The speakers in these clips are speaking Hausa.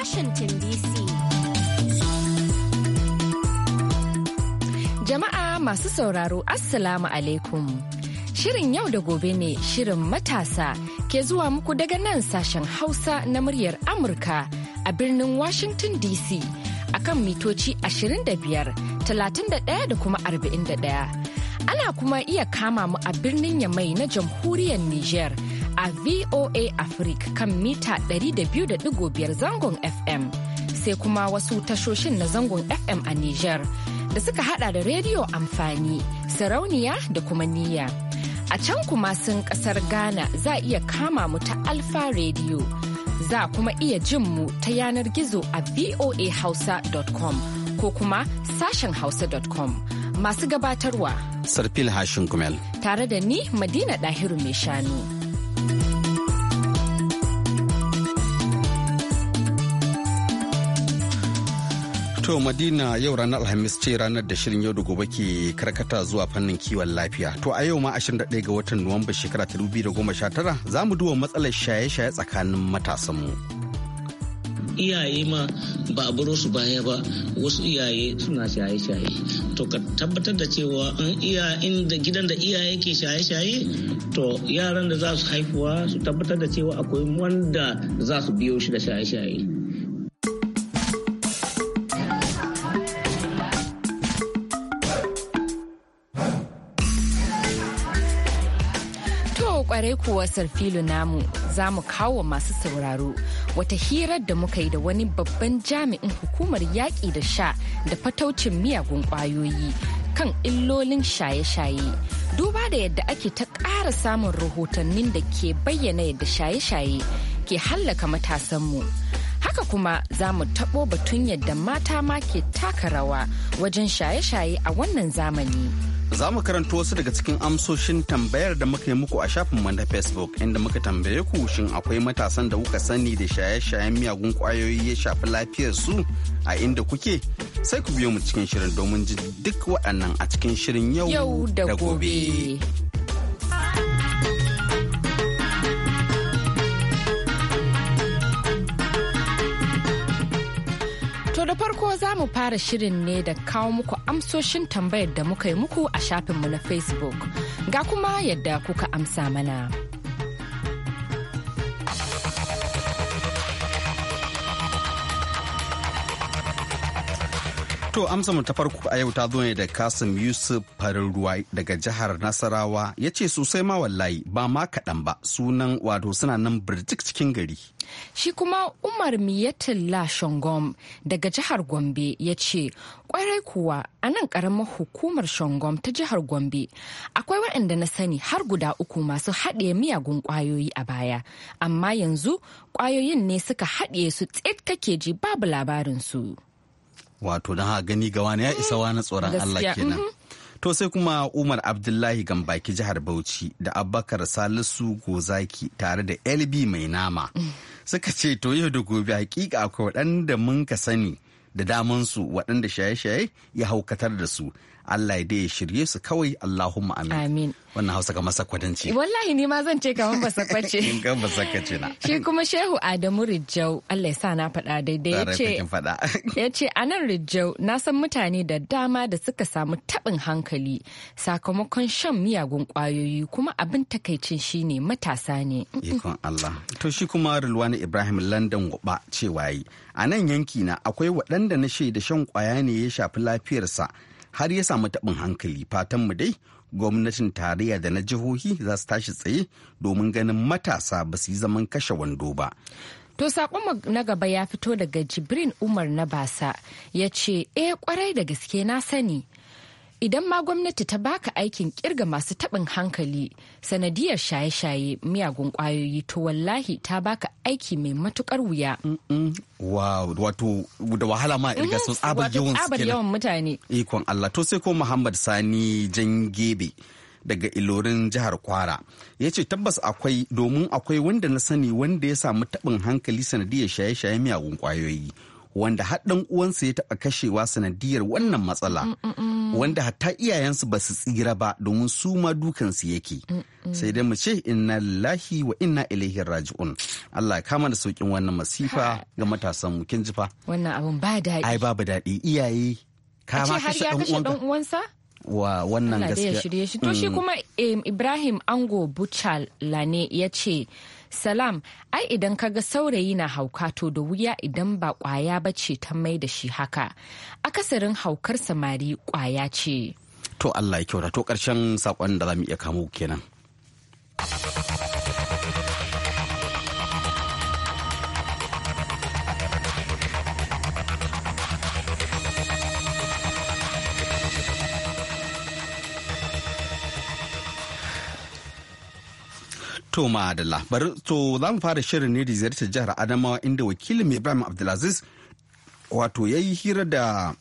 Washington DC. Jama'a masu sauraro Assalamu alaikum. Shirin yau da gobe ne shirin matasa ke zuwa muku daga nan sashen Hausa na muryar Amurka a birnin Washington DC a kan mitoci 25, 31 da kuma 41. Ana kuma iya kama mu a birnin Yamai na jamhuriyar Nijar. a VOA Africa kan mita 200.5 zangon FM. Sai kuma wasu tashoshin na zangon FM a Nijar da suka hada da rediyo amfani, sarauniya da kuma niyya. A can kuma sun kasar Ghana za iya kama mu ta Alfa Radio. Za kuma iya jin mu ta yanar gizo a voahausa.com ko kuma sashen hausa.com. Masu gabatarwa. Sarfil Hashin Kumel. Tare da ni Madina Dahiru mai shanu. To Madina yau ranar Alhamis ce ranar da shirin yau da gobe ke karkata zuwa fannin kiwon lafiya. To a yau ma 21 ga watan Nuwamba shekara ta 2019 za mu duba matsalar shaye-shaye tsakanin matasanmu. Iyaye ma ba a su baya ba wasu iyaye suna shaye-shaye. To ka tabbatar da cewa in iya inda gidan da iyaye ke shaye-shaye to yaran da za su haifuwa su tabbatar da cewa akwai wanda za su biyo shi da shaye-shaye. kwarai kuwa sarfilu namu za mu kawo masu sauraro wata hirar da muka yi da wani babban jami'in hukumar yaƙi da sha da fataucin miyagun ƙwayoyi kan illolin shaye-shaye duba da yadda ake ta ƙara samun rahotannin da ke bayyana yadda shaye-shaye ke hallaka matasanmu haka kuma za mu taɓo batun yadda mata ma ke taka rawa wajen shaye-shaye a wannan zamani. za mu karanto wasu daga cikin amsoshin tambayar da muka yi muku a shafin mu na facebook inda muka tambaye ku shin akwai matasan da kuka sani da shaye-shayen miyagun kwayoyi ya shafi lafiyar su a inda kuke sai ku biyo mu cikin shirin domin ji duk waɗannan a cikin shirin yau da gobe. da farko za mu fara shirin ne da kawo muku amsoshin tambayar da muka yi muku a shafinmu na Facebook. Ga kuma yadda kuka amsa mana. To amsa mu ta farko a yau ta zo ne da Kasim Yusuf farin ruwa daga jihar Nasarawa ya ce sosai ma wallahi ba ma kaɗan ba sunan wato suna nan birjik cikin gari. Shi kuma Umar Miyatullah Shangom daga jihar Gombe ya ce kwarai kuwa a nan hukumar Shangom ta jihar Gombe akwai waɗanda na sani har guda uku masu haɗe miyagun ƙwayoyi a baya amma yanzu ƙwayoyin ne suka haɗe su tsit kake ji babu labarin su. wato don haka gani ga wani ya isa mm, wani tsoron Allah kenan mm-hmm. to sai kuma Umar Abdullahi Gambaki jihar Bauchi da Abubakar Salisu Gozaki tare da LB mai nama mm. suka ce to yau da gobe hakika akwai waɗanda mun ka sani da damansu waɗanda shaye-shaye ya haukatar da su Allah ya dai shirye su kawai Allahumma amin. Amin. Wannan Hausa kamar sakwatanci. Wallahi ni ma zan ce kamar ba sakwace. In kan ba sakwace na. Shi kuma Shehu Adamu Rijau Allah ya sa na faɗa daidai ya ce. Ya ce a nan Rijau na san mutane da dama da suka samu taɓin hankali sakamakon shan miyagun ƙwayoyi kuma abin takaicin shine matasa ne. Ikon Allah. To shi kuma Rilwani Ibrahim London Goba cewa yi. a nan yanki na akwai waɗanda na shaida shan ƙwaya ne ya shafi lafiyarsa har ya samu taɓin hankali fatan mu dai gwamnatin tarayya da na jihohi za su tashi tsaye domin ganin matasa ba su yi zaman kashe wando ba To saƙon na gaba ya fito daga Jibrin Umar na basa ya ce, "E eh, kwarai da gaske na sani Idan ma gwamnati ta baka aikin kirga masu taɓin hankali sanadiyar shaye-shaye miyagun ƙwayoyi to wallahi ta baka aiki mai matukar wuya. wato da wahala ma irga mhm. sun tsabar yawan yawan mutane. Ikon Allah to sai ko Muhammad Sani Jan Gebe. daga ilorin jihar kwara ya ce tabbas akwai domin akwai wanda na sani wanda ya samu taɓin hankali sanadiyar shaye-shaye miyagun kwayoyi. wanda haɗin uwansa ya taɓa kashewa sanadiyar wannan matsala wanda hatta iyayensu ba su tsira ba domin su ma dukansu yake sai dai mu ce inna lillahi wa inna ilaihi raji'un Allah ya kama da saukin wannan masifa ga matasan mu kin jifa wannan abun ba daɗi ai babu daɗi iyaye kama ka. kashe dan uwansa wa wannan gaskiya Allah ya shi to shi mm. kuma eh, Ibrahim Ango Buchal Lane ya ce Salam, ai idan ka ga saurayi na hauka to da wuya idan ba kwaya ba ce ta mai da shi haka. Akasarin haukar samari kwaya ce. To Allah ya kyauta to ƙarshen saƙon da za mu iya kamo kenan. To ma'adala, bari to za mu fara shirin ne da ziyartar jihar Adamawa inda wakilin mai Ibrahim Abdulaziz wato ya yi hira da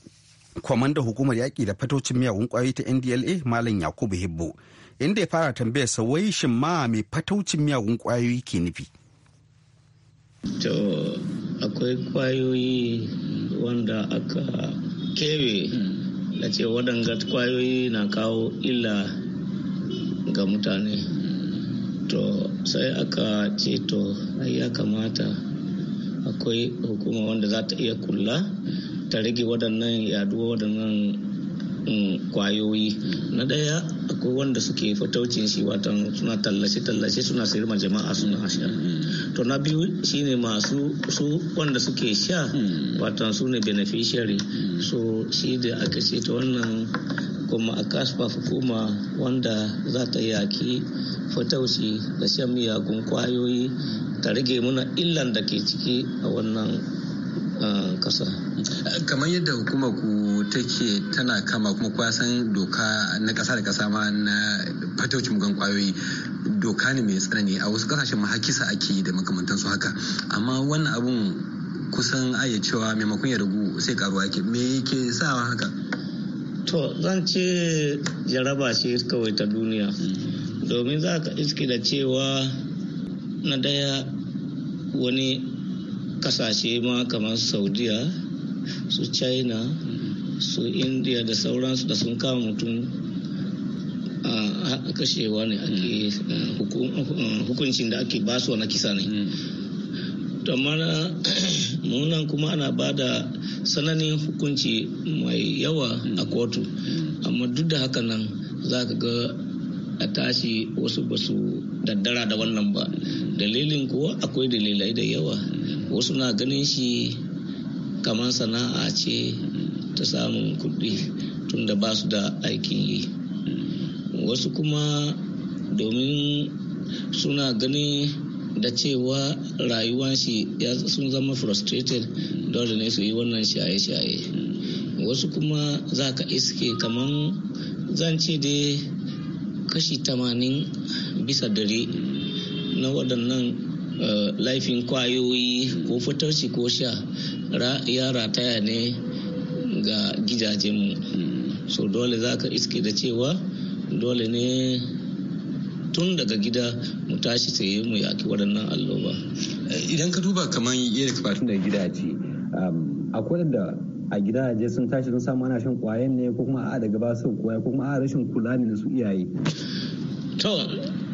kwamandan hukumar yaƙi da fatocin miyagun ƙwayoyi ta NDLA Malam Yakubu Hibbo inda ya fara tambayar sa wai shin ma mai fatocin miyagun ƙwayoyi ke nufi. To akwai ƙwayoyi wanda aka kewe na ce waɗanga ƙwayoyi na kawo illa ga mutane. to sai aka ce to ya kamata akwai hukuma wanda za ta iya kula ta rage waɗannan yaduwa waɗannan kwayoyi mm, na ɗaya akwai wanda suke fataucin shi watan suna tallace tallace suna sayar ma jama'a suna sha to na biyu shine masu su wanda suke sha hmm. watan su ne beneficiary hmm. so shi da aka ce ta wannan kuma a kasfa hukuma wanda za ta yaki fatauci da shan miyagun kwayoyi ta rage muna illan da ke ciki a wannan kasa kamar yadda hukumar ku take tana kama kuma kwasan doka na kasa da kasa ma na fatauci mugan kwayoyi doka ne mai tsanani a wasu kasashen mahakisa ake yi da makamantansu haka amma wannan abun kusan ayyacewa maimakon ya ragu sai karuwa ke me yake sa haka to zan ce jaraba ce kawai ta duniya domin za ka iske da cewa na daya wani kasashe ma kamar saudiya su china su india da sauransu da sun kama mutum a kashewa ne ake eh, eh, hukuncin da ake basuwa na kisa ne hmm. kamar munan kuma ana ba da sananin hukunci mai yawa a kotu amma duk da haka nan za ka ga a tashi wasu ba su daddara da wannan ba dalilin kuwa akwai dalilai da yawa wasu na ganin shi kamar sana'a ce ta samun kuɗi tunda ba su da aikin yi wasu kuma domin suna ganin da cewa rayuwan shi ya sun zama frustrated dole ne su yi wannan shaye-shaye wasu kuma za ka iske kamar zance dai kashi tamanin bisa dare na waɗannan eh, laifin kwayoyi ko fitarci ko sha ya rataya ne ga gidajenmu so dole za ka iske da cewa dole ne tun daga gida mu tashi tsaye mu yaki waɗannan alloba. Idan ka duba kamar yadda ka fatun daga gidaje um, akwai da a gidaje sun tashi sun samu ana shan kwayan ne ko kuma a daga ba su kwaya ko kuma a rashin kula ne na su iyaye. To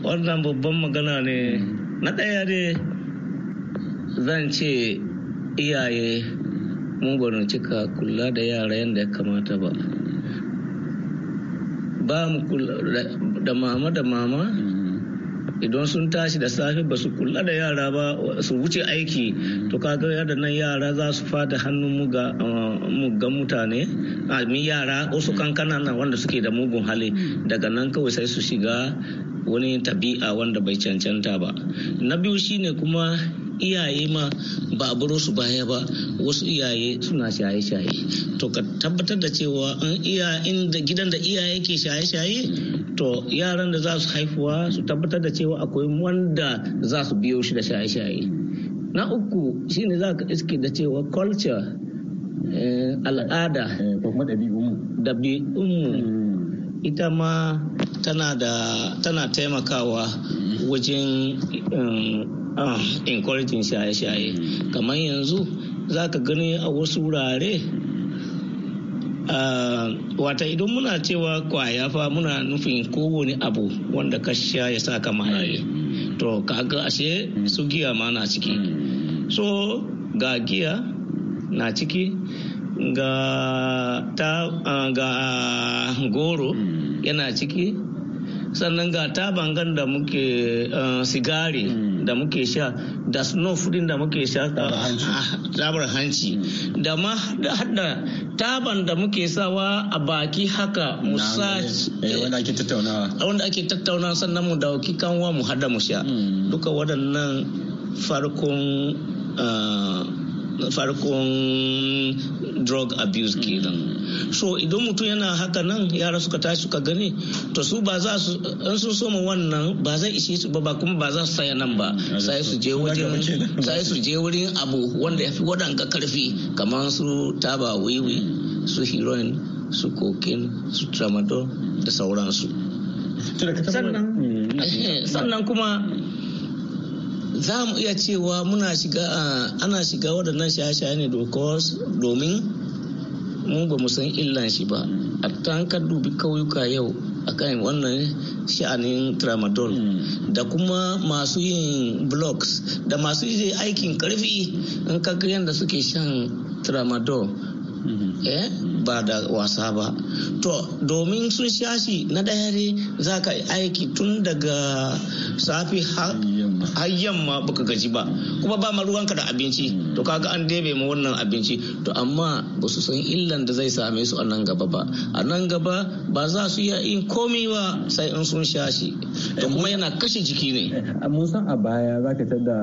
wannan babban magana ne na ɗaya ne zan ce iyaye mu ba cika kula da yara yadda ya kamata ba. ba mu kula da mama da mama idan sun tashi da safe ba su kula da yara ba su wuce aiki to kaga yadda nan yara za su fada hannun ga mutane a mi yara wasu kankana na wanda suke da mugun hali daga nan kawai sai su shiga wani tabi'a wanda bai cancanta ba na biyu shine kuma iyaye ma ba a su baya ba wasu iyaye suna shaye-shaye to ka tabbatar da cewa an iya inda gidan da iyaye ke shaye-shaye to yaran da za su haifuwa su tabbatar da cewa akwai wanda za su biyo shi da shaye-shaye na uku shine za ka iske da cewa culture eh, al'ada eh, ɗabi'unmu hmm. ita ma tana tana taimakawa wajen eh, encouraging shaye-shaye kamar yanzu za ka gani a wasu wurare wata idan muna cewa kwaya fa muna nufin kowane abu wanda ka sha ya sa ka maye to kaga ashe su giya ma na ciki so ga giya na ciki ga ta ga goro yana ciki sannan ga ta bangan da muke sigari da muke sha da snuff din da muke sha tabar hanci ah, mm. da ma hada taban da muke sawa a baki haka musa eh, wanda ake tattaunawa wanda ake tattauna sannan mu dauki kanwa mu hada mu sha mm. duka waɗannan farkon ah, farkon drug abuse kenan so idan mutum yana haka nan yara suka tashi suka gani to su ba za su an sun soma wannan ba zai ishe su ba kuma ba za su saya nan ba sai su je wajen sai su wurin abu wanda ya fi waɗanka karfi kamar su taba wiwi su heroin su cocaine su tramadol da sauransu mm, sannan kuma za mu iya cewa muna shiga ana shiga waɗannan shaye-shaye ne domin mu ba mu san illan shi ba a ta tankar dubi kauyuka yau akan wannan sha'anin tramadol hmm. da kuma masu yin blocks da masu yin aikin karfi in kaga yadda suke shan tramadol hmm. eh, ba da wasa ba to domin sun shashi na ɗaya za ka aiki tun daga safi har har yamma baka gaji ba kuma ba ma ruwanka da abinci to kaga an debe mu wannan abinci to amma ba su san illan da zai same su a nan gaba ba a nan gaba ba za su iya yin komai ba sai in sun sha shi to kuma yana kashe jiki ne mun san a baya zaka tada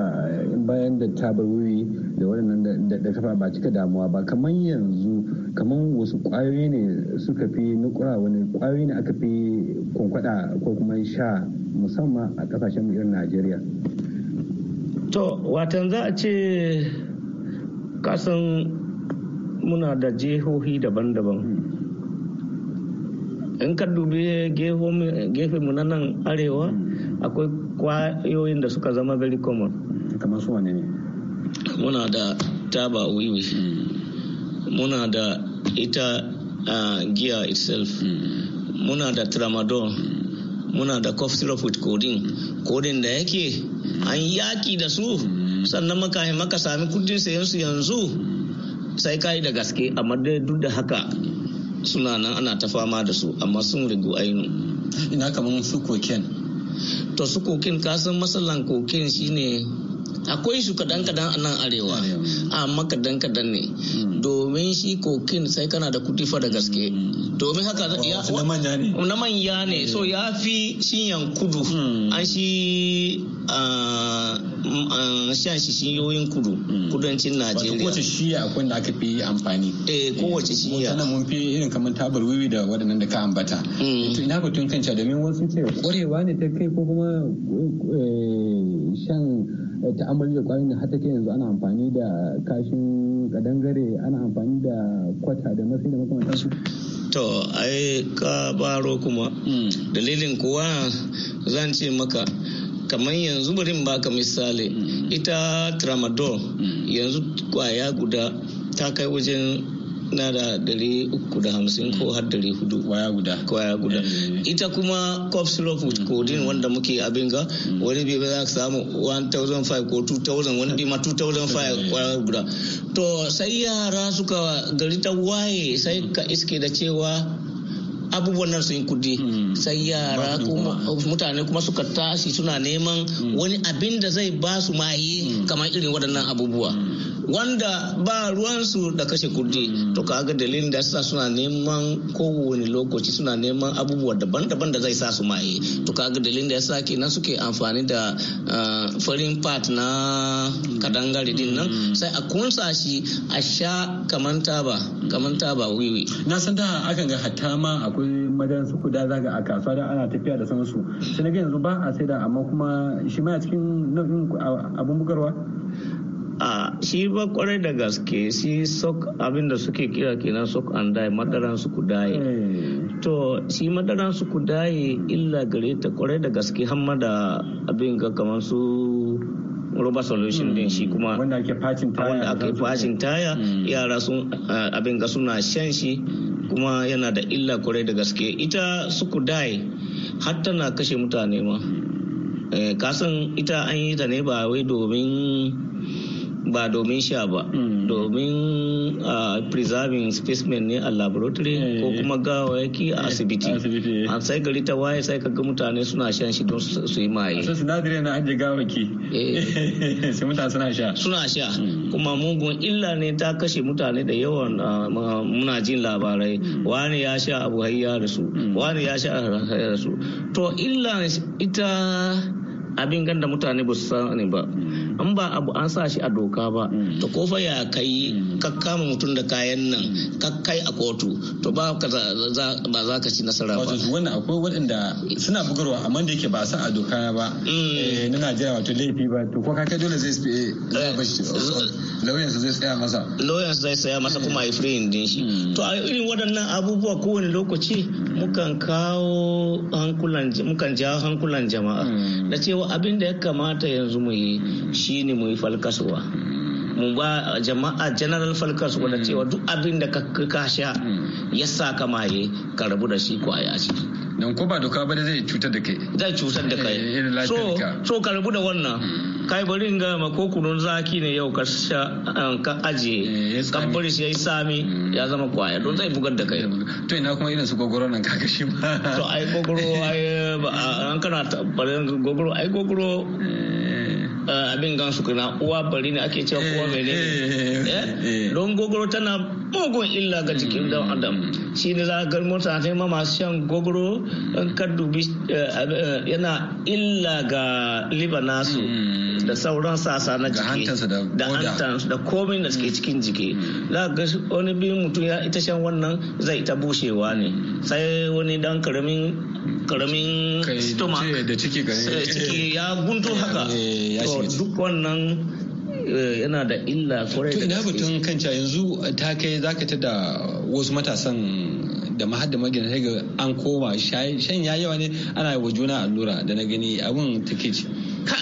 bayan da tabarwuri da waɗannan da kafa ba cika damuwa ba kamar yanzu kamar wasu kwayoyi ne suka fi nukura wani kwayoyi ne aka fi kwankwada ko kuma sha musamman a kasashen irin najeriya to watan za a ce kasan muna da jihohi daban-daban hmm. in ka dubi gefe mu na nan arewa hmm. akwai kwayoyin da suka zama very common kamar su wane ne muna da taba wiwi hmm. muna da ita uh, giya itself mm. muna da tramadol mm. muna da cough syrup with codeine codeine da yake mm. an yaki da su sannan makahin maka sami kudin sayan yanzu sai kai da gaske amma dai duk da haka suna nan ana ta fama da su amma sun rigu ainu ina kamar su koken to su koken kasan masallan koken shine akwai shi kadan kadan a nan arewa mm. amma kadan kadan ne mm. domin shi kokin sai kana da kuɗi fa da gaske mm. domin haka na manya ne so ya fi shiyan kudu an shi shan shi shiyoyin kudu kudancin najeriya kowace shiya akwai da aka fi amfani eh kowace shiya tana mun fi irin kamar tabar wiwi da waɗannan da ka ambata to ina batun kanca domin wasu ce kwarewa ne ta kai ko kuma eh, shan ta'amali da kwayoyin da hata ke yanzu ana amfani da kashin kadangare ana amfani da kwata da masu da makamantansu to ai ka baro kuma hmm. dalilin kuwa zan ce maka kamar yanzu bari baka misali hmm. ita tramadol hmm. yanzu kwaya guda ta kai wajen na da dari uku da hamsin ko har dari hudu kwaya guda kwaya guda eh. ita kuma cough syrup with mm. codeine wanda muke abin ga mm. wani bai za ka samu 1005 ko 2000 wani bi ma 2005 kwaya eh. guda to sai yara suka gari ta waye sai ka iske da cewa abubuwan nan sun kudi mm. sai yara kuma mutane kuma suka tashi suna neman wani abin da zai ba su maye kamar irin waɗannan abubuwa wanda ba ruwansu da kashe kudi mm. to kaga dalilin da sa suna neman kowane lokaci suna neman abubuwa daban-daban da zai sa su maye to kaga dalilin da ke kenan suke amfani da eh, farin part na kadangare din nan mm. sai a kunsa shi a sha kamanta ba kamanta ba wiwi na san da akan ga hatta ma akwai madan su kuda zaga a kasuwa da ana tafiya da sansu sai na ga yanzu ba a saida amma kuma shi ma cikin nau'in abun bugarwa a shi ba kwarai da gaske shi sok abinda suke kira kenan sok an dai madaran su kudaye hmm. to shi madaran su kudaye illa gare ta kwarai da gaske hamma da abin ga kamar su roba solution din shi hmm. kuma wanda ake fashin taya hmm. yara sun abin ga suna shan shi kuma yana da illa kwarai da gaske ita su kudaye har na kashe mutane ma eh, kasan ita an yi ta ne ba wai domin ba domin sha ba hmm. domin preserving specimen ne a laboratory eh, ko kuma gawayaki a eh, asibiti eh. an sai gari ta waye sai ka ga mutane suna shan shi don su yi maye a sinadari na ajiye gawaki sai mutane suna sha suna sha hmm. kuma mugun illa ne ta kashe mutane da yawan muna jin labarai hmm. wani ya sha abu hayya da su wani ya sha da su to illa ita abin ganda mutane ba su sani ba an ba abu an sa shi a doka ba ta kofa ya kai kakkama mutum da kayan nan kakkai a kotu to ba za ka ci nasara ba wato wannan akwai waɗanda suna bugarwa amma da yake ba sa a doka ba eh, na Najeriya wato laifi ba to ko kai dole zai eh, bashi eh, lauyan zai tsaya masa lauyan zai tsaya masa kuma ya free din shi hmm. to a irin waɗannan abubuwa kowane lokaci mukan kawo hankulan mukan jawo hankulan jama'a hmm. na cewa abin da ya kamata yanzu mu yi shine mu yi falkasuwa mu ba jama'a general falkas wanda cewa duk abin da ka sha ya sa ka maye ka rabu da shi kwaya ce don ko ba doka ba zai cutar da kai zai cutar da kai eh, so ka rabu da wannan hmm. kai bari in gama ko kunun zaki ne yau ka aje kamfani eh, shi ya sami hmm. ya zama kwaya don zai bugar da kai to ina kuma irin su gogoro nan kaga shi ma to ai gogoro ai an kana gogoro ai gogoro eh. Eh, abin gansu kuna uwa bari ne ake cewa kuwa mai ne eh, eh, don gogoro tana mugun illa ga jikin dan adam shi ne za a ga mutane ma masu shan gogoro in ka yana illa ga liba nasu hmm. da sauran sasa na jiki da hantansu da komai da suke hmm. cikin jiki hmm. za a ga wani biyun mutum ya ita shan wannan zai ita bushewa ne sai wani dan karamin karamin stoma da eh, ciki ya gunto haka eh, to duk wannan eh, yana da illa kwarai da gaske. batun kanca yanzu ta kai zaka ta da wasu matasan da mahadda magina ta ga an koma shan ya yawa ne ana wa juna allura da na gani abin ke ci. ka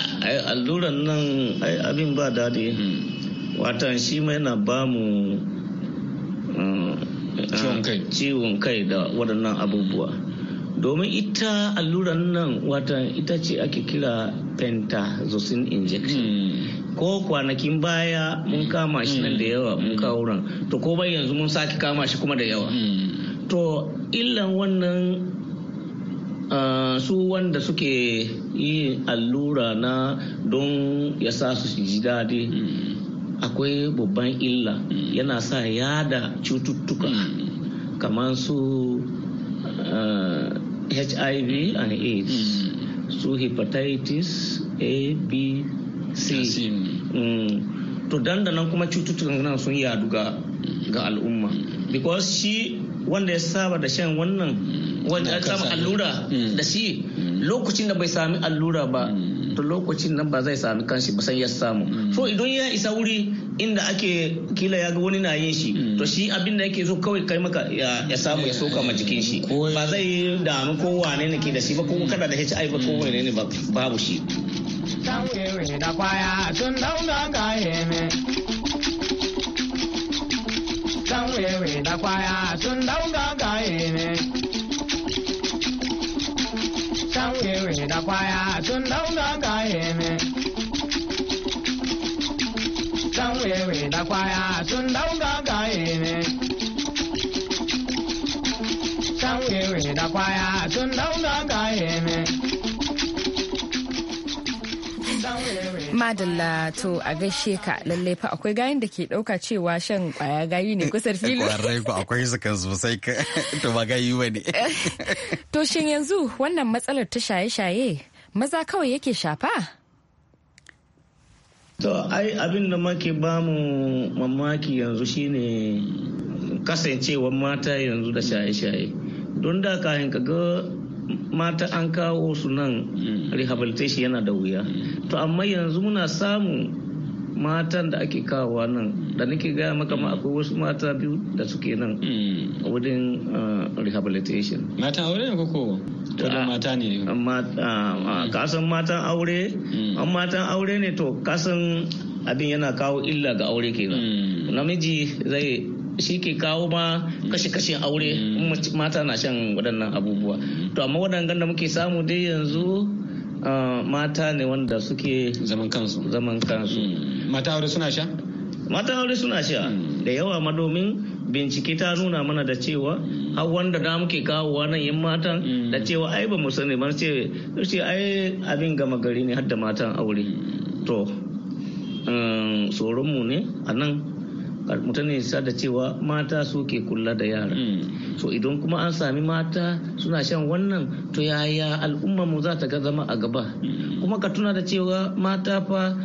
alluran nan abin ba daɗi hmm. watan shi ma yana ba mu ciwon kai da waɗannan abubuwa. domin ita alluran nan wata ita ce ake kira zosin injection hmm. ko kwanakin baya mun kama shi nan da hmm. yawa mun kawo hmm. to ko bai yanzu mun sake kama shi kuma da yawa to illan wannan su wanda suke yi allura na don ya sa su ji daɗi akwai babban illa yana sa yada cututtuka kamar su hiv and aids hmm. so hepatitis a b c hmm. to nan kuma cututtukan nan sun yadu ga al'umma hmm. because shi wanda ya saba da shan wannan wanda ya saba allura da shi lokacin da bai sami allura ba to lokacin nan ba zai sami kanshi ba sai ya samu so idan ya isa wuri inda ake kila ya ga wani na yin shi hmm. to shi abin da yake so kawai kai maka ya samu ya soka ma jikin shi ba zai mu ko wane ne ke da shi ba ko kada da HIV ko wane ne babu shi dan da kwaya tun daunga ga yeme dan wewe da kwaya tun dauna ga yeme kwaya sun dauga gaye ne. da kwaya sun gaye ne. madalla to a gaishe ka lallai fa akwai gayin da ke dauka cewa shan kwaya gayi ne kusur fili kwarai fa akwai kan sosai ka to ba gayi ba ne to shin yanzu wannan matsalar ta shaye-shaye maza kawai yake shafa To, ai abin da make bamu mamaki yanzu shine kasancewar mata yanzu da shaye-shaye. Don da kayan ga mata an kawo su nan mm. rehabilitation yana da wuya. Mm. To, amma yanzu muna samu. matan da ake kawowa nan da nake gaya maka ma akwai wasu mata biyu da suke nan mm. a wurin uh, rehabilitation mata aure ne koko mata ne uh, uh, mm. kasan matan aure mm. an matan aure ne to kasan abin yana kawo illa ga aure kenan namiji zai shi ke kawo ma kashe-kashen aure mata na shan waɗannan abubuwa to amma waɗannan da muke samu dai yanzu Ah, mata ne wanda suke zaman kansu zaman kansu hmm. mata aure suna sha mata aure suna sha hmm. da yawa madomin bincike ta nuna mana da cewa har wanda da muke kawowa nan yan matan hmm. da cewa ai ba mu sani ba ce ce ai abin gama gari ne har matan aure to um, tsoron mu ne a nan mutane sa da cewa mata suke kula da yara To idan kuma an sami mata suna shan wannan to yaya al'umma mu za ta ga zama a gaba kuma ka tuna da cewa mata fa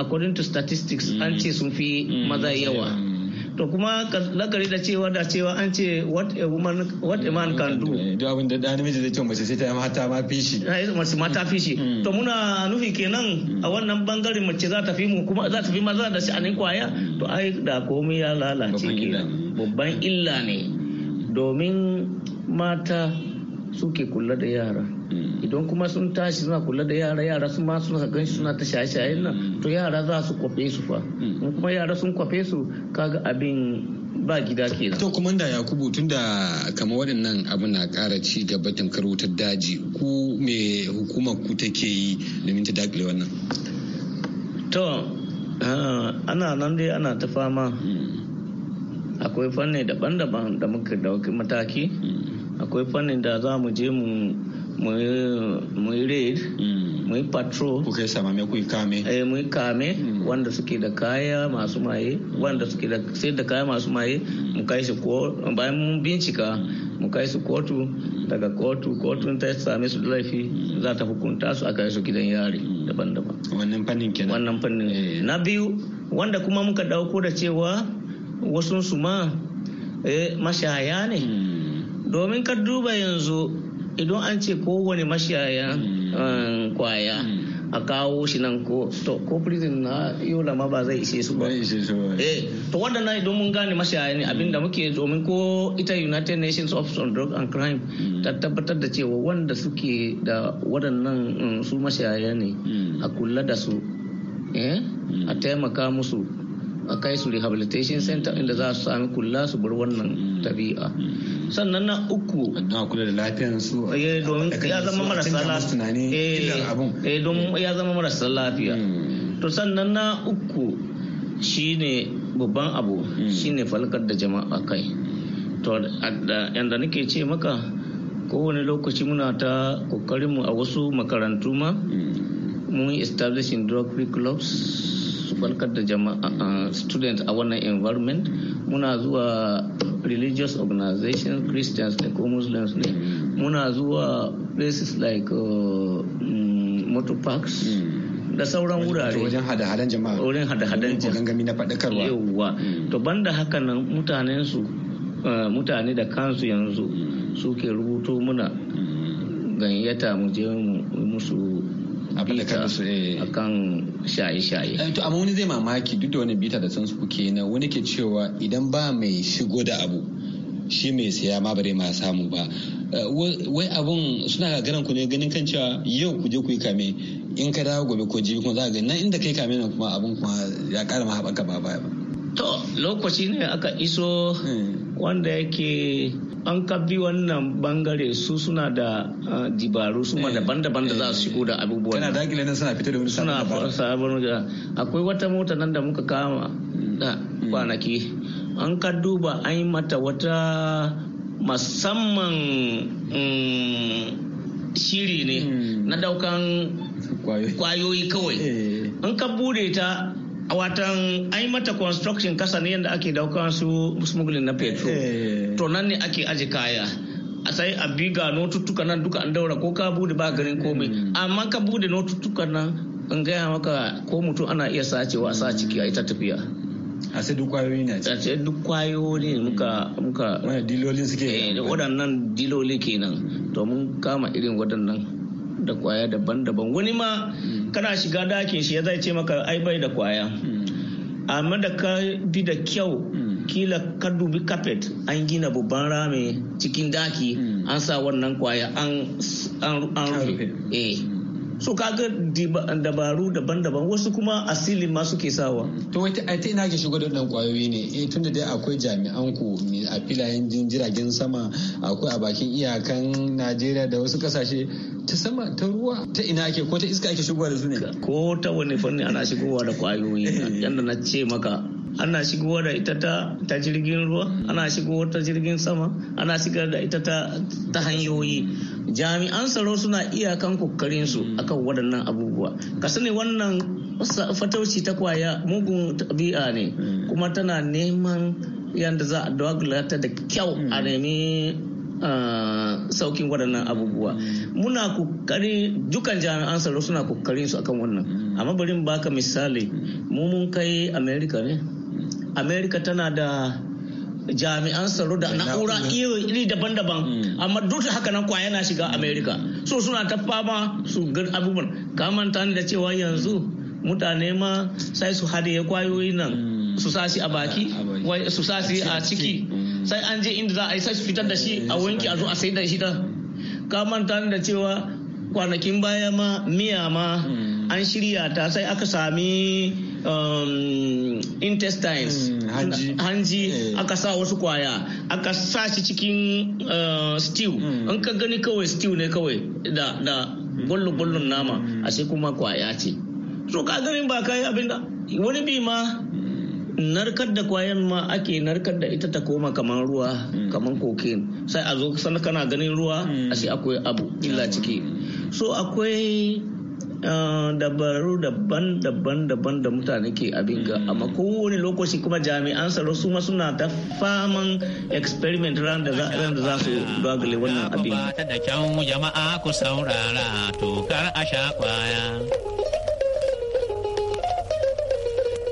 according to statistics mm. an ce sun fi mm. maza yawa mm. to kuma lagari da cewa da cewa an ce what a woman what a man can do eh, duk abin da da namiji zai ce mace sai ta mata ma fishi mace mata fishi to muna nufi kenan a wannan bangaren mace za ta fi mu kuma za ta fi maza da sha'anin kwaya to ai da komai ya lalace babban illa ne domin mata suke kula da yara hmm. idan kuma sun tashi suna kula da yara yara su ma suna gan shi suna ta shaye nan to yara za su kwafe su fa hmm. in kuma yara sun kwafe su kaga abin ba gida kenan to kuma da yakubu tun da kama waɗannan abu na ƙara ci gaba tamkar wutar daji ku me hukumar ku take yi domin ta dakile wannan to ah, ana nan dai ana ta fama hmm. akwai fanni daban-daban da muka dauki mataki akwai fannin da za mu je mu yi raid hmm. mu yi patrol kuka sama ku yi kame eh mu yi kame hmm. wanda suke da kaya masu maye hmm. wanda suke da sai da kaya masu maye mu kai su ko bayan mun bincika mu kai su kotu daga kotu kotun ta same su da laifi za ta hukunta su a kai su gidan yari daban-daban wannan fannin kenan wannan fannin eh. na biyu wanda kuma muka dauko da cewa wasu su ma eh, mashaya ne hmm. domin ka duba yanzu idan an ce kowane mashaya hmm. eh, kwaya hmm. a kawo shi nan ko to ko prison na yola ma ba zai ishe su ba eh to na idan mun gane mashaya ne abinda muke domin ko ita United Nations Office on Drug and Crime ta tabbatar da cewa wanda suke da waɗannan eh, su mashaya ne a kula da su eh a taimaka musu a kai su rehabilitation center inda za su sami kula su bar wannan tabi'a sannan na uku na kula da lafiyar eh, eh, eh, ya zama marasa lafiya eh don ya zama marasa lafiya to sannan na uku shine babban abu hmm. shine falkar da jama'a kai to yanda nake ce maka kowane lokaci muna ta kokarinmu a wasu makarantu ma hmm. mun establishing drug free clubs farkar da jama'a student a wannan environment muna zuwa religious organizations christians ne ko muslims ne muna zuwa places like uh, mm, motor parks hmm. da sauran wurare wajen hada-hadan jama'a wajen hada-hadan jama'a gangami na faɗakarwa yawwa hmm. to banda haka nan mutanen su uh, mutane da kansu yanzu hmm. suke rubuto muna gayyata mu je musu a akan eh, shaye-shaye. Eh, to amma wani zai mamaki duk da wani bita da sun su na wani ke cewa idan ba mai shigo da abu shi mai saya ma bare ma samu ba. Eh, wai abun suna gagaran ku ne ganin kan cewa yau ku je ku yi kame in ka dawo gobe ko jibi kuma za ga nan inda kai kame nan kuma abun kuma ya kara ma haɓaka ba ba. To lokaci ne aka iso hmm. wanda yake an kabi wannan bangare su suna da dibaru su eh, daban-daban da za eh, su shigo da abubuwa tana dakile nan suna fita da wani suna sabon da akwai wata mota nan da muka kama da hmm. kwanaki an ka duba an yi mata wata musamman mm, shiri ne hmm. na daukan kwayoyi kawai eh. an ka bude ta watan an yi mata construction kasa ne yadda ake daukan su smuggling na petrol eh. to nan ne ake aje kaya a sai a biga notuttuka nan duka an daura ko ka bude ba garin komai mm. amma ka bude notuttuka nan in gaya maka ko mutum ana iya sacewa sa ciki a ita tafiya a sai duk kwayoyi ne a sai duk kwayoyi ne muka muka wani dilolin suke eh waɗannan diloli kenan to mun kama irin waɗannan da kwaya daban-daban wani ma mm. kana shiga dakin shi ya zai ce maka ai bai da kwaya hmm. amma da ka bi da kyau hmm. kila ka dubi carpet an gina babban rami cikin daki hmm. an sa wannan kwaya an rufe eh. so kaga dabaru daban-daban wasu kuma asili ma suke sawa to wai ta ina ke shigo da wannan kwayoyi ne eh tunda dai akwai jami'an ku a filayen jiragen sama akwai a bakin iyakan Najeriya da wasu kasashe ta sama ta ruwa ta ina ake ko ta iska ake shigowa da su ne ko ta wani fanni ana shigowa da kwayoyi yanda na ce maka ana shigowa da ita ta jirgin ruwa ana shigowa ta jirgin sama ana shigar da ita ta hanyoyi jami'an tsaro suna iyakan kokarin su mm. akan waɗannan abubuwa ka sani wannan fatauci ta kwaya mugun tabi'a ne mm. kuma tana neman yadda za a dogalata da kyau a mm. nemi ah, saukin waɗannan abubuwa muna kokari dukan jami'an tsaro suna kokarin su akan wannan amma bari baka misali mu mun kai america ne america tana da jami'an tsaro da na'ura iri daban-daban hmm. amma duk da haka nan kwaya na shiga Amerika so suna ta fama su gan abubuwan ta da cewa yanzu mutane ma sai su hade kwayoyi nan hmm. su sashi a baki su sashi a ciki hmm. sai an je inda za a yi sai su fitar da shi a eh, wanki a zo a sai da shi da ta da cewa kwanakin baya ma miya ma an shirya ta sai aka sami Um, intestines mm, hanji eh. aka sa wasu kwaya aka sa shi cikin uh, stew An mm. ka gani kawai stew ne kawai da bullu-bullun nama mm. a sai kuma kwaya ce so ka ganin ba ka yi abinda wani bi ma narkar da kwayan ma ake narkar da ita ta koma kamar ruwa kamar cocaine sai a zo kana ganin ruwa a sai akwai abu illa ciki so akwai dabaru daban-daban daban da mutane ke abin ga amma mm. kowane lokaci kuma jami'an tsaro su ma suna ta faman experiment ran da za su dogale wannan abin. da kyau jama'a ku saurara tokar a sha kwaya.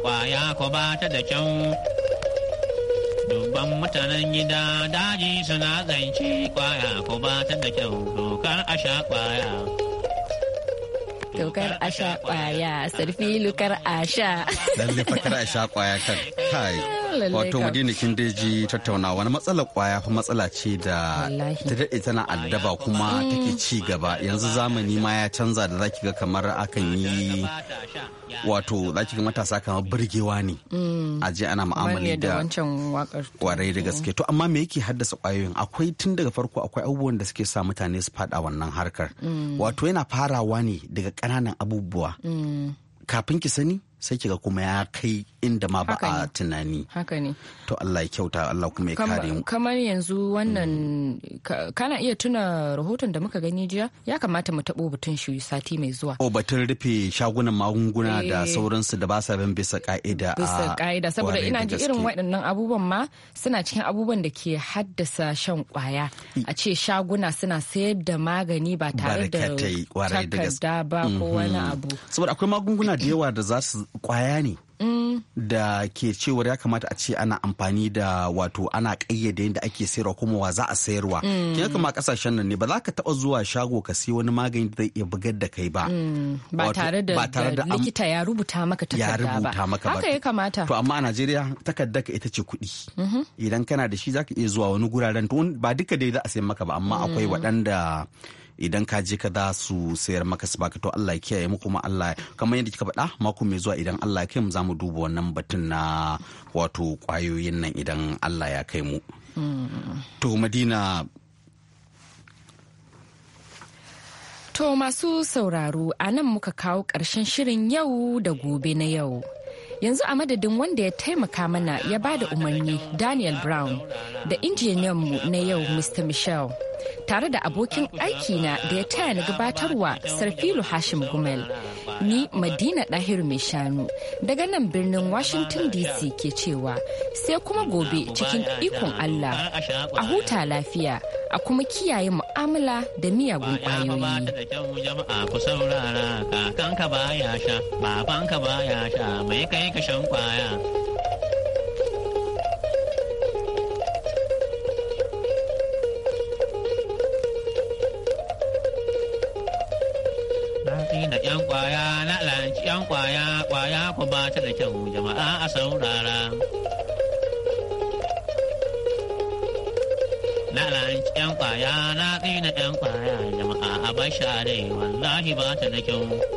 Kwaya ku ba ta da kyau dubban mutanen gida daji suna zance kwaya ku ba ta da kyau tokar a sha kwaya. tokar a sha kwaya sarfi lukar a sha lalle fakar a sha kwaya kan kai wato madina kin daji tattauna wani matsalar kwaya fa matsala ce da ta daɗe tana addaba kuma take ci gaba yanzu zamani ma ya canza da zaki ga kamar akan yi wato zaki ga matasa kamar birgewa ne mm. a je ana mu'amali da kwarai da gaske to amma me yake haddasa kwayoyin akwai tun daga farko akwai abubuwan da suke sa mutane su fada wannan harkar mm. wato yana farawa ne daga kananan abubuwa mm. kafin ki sani sai kiga kuma ya kai inda ma ba a tunani haka ne to Allah ya kyauta Allah kuma ya kare mu kamar yanzu wannan kana iya tuna rahoton da muka gani jiya ya kamata mu tabo batun shi sati mai zuwa o batun rufe shagunan magunguna da eh. sauransu da ba sa bin bisa ka'ida bisa ka'ida saboda ina ji irin waɗannan abubuwan ma suna cikin abubuwan da ke haddasa shan kwaya a ce shaguna suna sayar da magani ba tare da takarda ba ko mhm. wani abu saboda akwai magunguna da yawa da za su kwaya ne mm. da ke cewar ya kamata a ce ana amfani da wato ana kayyade yadda ake sayarwa kuma wa za a sayarwa mm. kin kama kasashen nan ne ba za ka taba zuwa shago ka sai wani magani da zai iya bugar da kai ba mm. ba tare da likita ya rubuta maka takarda ba haka ya kamata to amma a Najeriya takarda ka ita ce kuɗi mm-hmm. idan kana da shi zaka iya zuwa wani guraren to ba duka dai za a sayar maka ba amma akwai waɗanda idan ka je ka da su sayar maka su baka to Allah ya kiyaye mu kuma Allah kamar yadda kika faɗa mako mai zuwa idan Allah ya kai mu za mu duba wannan batun na wato kwayoyin nan idan Allah ya kai mu hmm. to Madina To masu sauraro a nan muka kawo ƙarshen shirin yau da gobe na yau. yanzu a madadin wanda ya taimaka mana ya ba da umarni daniel brown da mu na yau mr michel tare da abokin aikina da ya taya na gabatarwa sarfilu hashim gumel ni madina ɗahiru mai shanu daga nan birnin washington dc ke cewa sai kuma gobe cikin ikon allah a huta lafiya a kuma kiyaye mu mu'amala da miya da jama'a miyagun saurara Kakanka baya sha, babanka baya sha, mai kai ka shan kwaya. da ‘yan kwaya, lalaci ‘yan kwaya, kwaya ku ba da kyau jama'a a saurara. ya na tsina yan kwaya jama'a a bashi a rai wallahi ba ta da kyau